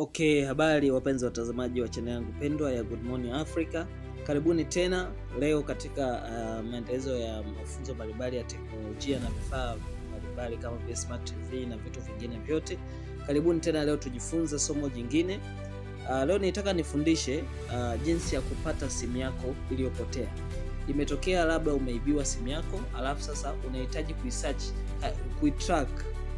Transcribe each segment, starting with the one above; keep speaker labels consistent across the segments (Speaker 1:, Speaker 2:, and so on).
Speaker 1: Okay, habari wapenzi watazamaji wa chaneli yangu pendwa ya Good Morning Africa, karibuni tena leo katika uh, maendelezo ya mafunzo mbalimbali ya teknolojia na vifaa mbalimbali kama vile smart TV na vitu vingine vyote. Karibuni tena leo tujifunze somo jingine. Uh, leo nitaka nifundishe uh, jinsi ya kupata simu yako iliyopotea. Imetokea labda umeibiwa simu yako, alafu sasa unahitaji kuisearch, uh, kuitrack,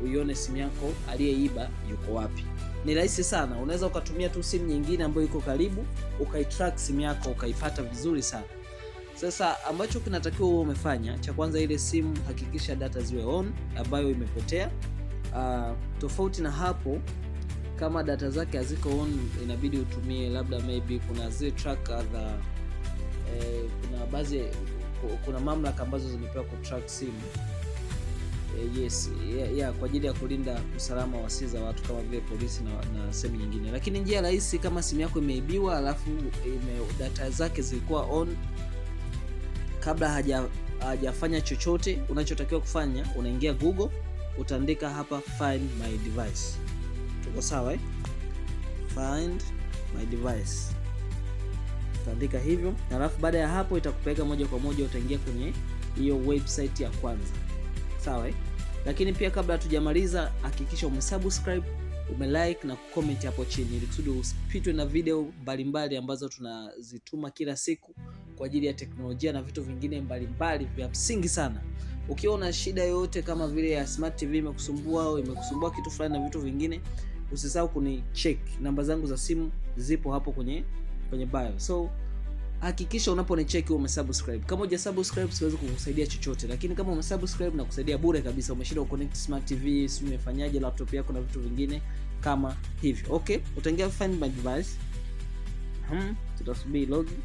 Speaker 1: uione simu yako aliyeiba yuko wapi ni rahisi sana, unaweza ukatumia tu simu nyingine ambayo iko karibu ukaitrack simu yako ukaipata vizuri sana. Sasa ambacho kinatakiwa uwe umefanya, cha kwanza, ile simu hakikisha data ziwe on ambayo imepotea. Uh, tofauti na hapo kama data zake haziko on, inabidi utumie labda maybe kuna zile tracker za eh, kuna baadhi kuna mamlaka ambazo zimepewa track simu Eh, yes, yeah, yeah, kwa ajili ya kulinda usalama wa siri za watu kama vile polisi na, na sehemu nyingine. Lakini njia rahisi kama simu yako imeibiwa alafu ime, data zake zilikuwa on kabla haja hajafanya chochote, unachotakiwa kufanya unaingia Google, utaandika hapa find my device. Tuko sawa eh? Find my device utaandika hivyo, alafu baada ya hapo itakupeleka moja kwa moja, utaingia kwenye hiyo website ya kwanza sawa eh? Lakini pia kabla hatujamaliza, hakikisha umesubscribe, umelike na kucomment hapo chini, ili kusudi usipitwe na video mbalimbali ambazo tunazituma kila siku kwa ajili ya teknolojia na vitu vingine mbalimbali vya msingi sana. Ukiwa una shida yoyote kama vile ya Smart TV imekusumbua au imekusumbua kitu fulani na vitu vingine, usisahau kunicheck. Namba zangu za simu zipo hapo kwenye kwenye bio. So hakikisha unaponicheki umesubscribe. Kama hujasubscribe siwezi kukusaidia chochote, lakini kama umesubscribe na kusaidia bure kabisa. Umeshinda uconnect smart TV, si umefanyaje laptop yako na vitu vingine kama hivyo. Okay, utaingia find my device. Hmm, tutasubiri login.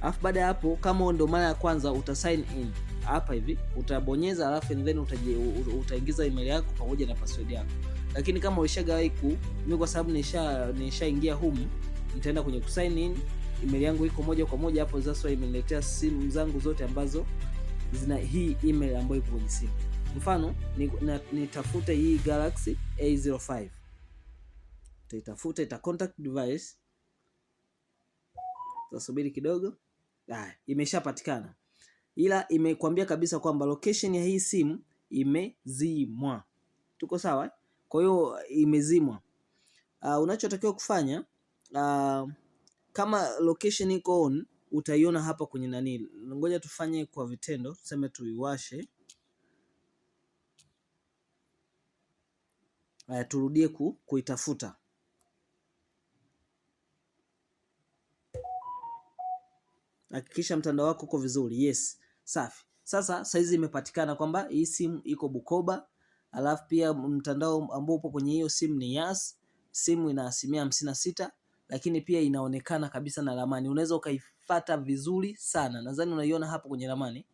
Speaker 1: Alafu baada ya hapo, kama ndo mara ya kwanza uta sign in hapa hivi utabonyeza, alafu and then utaingiza email yako pamoja na password yako. Lakini kama ulishagawahi ku, mimi kwa sababu nishaingia nisha humu, nitaenda kwenye kusign in email yangu iko moja kwa moja hapo. Sasa imeniletea simu zangu zote ambazo zina hii email ambayo ipo kwenye simu. Mfano nitafute hii Galaxy A05, nitaitafuta, ita contact device, tasubiri kidogo. Ah, imeshapatikana, ila imekwambia kabisa kwamba location ya hii simu imezimwa. Tuko sawa, kwa hiyo imezimwa. Uh, unachotakiwa kufanya uh, kama location iko on utaiona hapa kwenye nani. Ngoja tufanye kwa vitendo, tuseme tuiwashe. Haya, turudie ku, kuitafuta Hakikisha mtandao wako uko vizuri. Yes, safi. Sasa saizi imepatikana kwamba hii simu iko Bukoba, alafu pia mtandao ambao upo kwenye hiyo simu ni Yas, simu ina asilimia hamsini na sita lakini pia inaonekana kabisa na ramani, unaweza ukaifata vizuri sana. Nadhani unaiona hapo kwenye ramani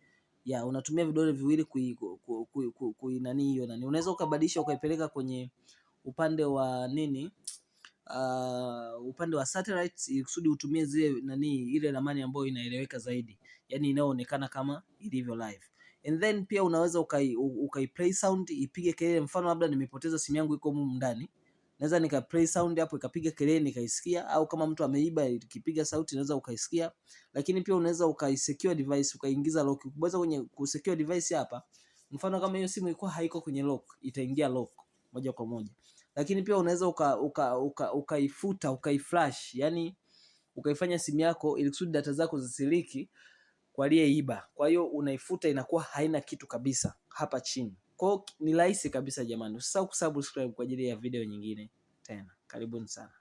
Speaker 1: ya unatumia vidole viwili kui, kui, kui, kui, kui nani hiyo nani, unaweza ukabadilisha ukaipeleka kwenye upande wa nini uh, upande wa satellite ikusudi utumie zile nani ile ramani ambayo inaeleweka zaidi, yani inayoonekana kama ilivyo live. And then pia unaweza ukai, ukai play sound ipige kelele. Mfano labda nimepoteza simu yangu iko humu ndani, naweza nika play sound hapo ikapiga kelele nikaisikia, au kama mtu ameiba ikipiga sauti naweza ukaisikia. Lakini pia unaweza ukaisecure device ukaingiza lock. Ukibonyeza kwenye kusecure device hapa, mfano kama hiyo simu ilikuwa haiko kwenye lock, itaingia lock moja kwa moja. Lakini pia unaweza ukaifuta uka, uka, uka ukaiflash, yani ukaifanya simu yako ili kusudi data zako zisiliki kwa aliyeiba. Kwa hiyo unaifuta inakuwa haina kitu kabisa hapa chini kwao ni rahisi kabisa jamani, usisahau kusubscribe kwa ajili ya video nyingine tena. Karibuni sana.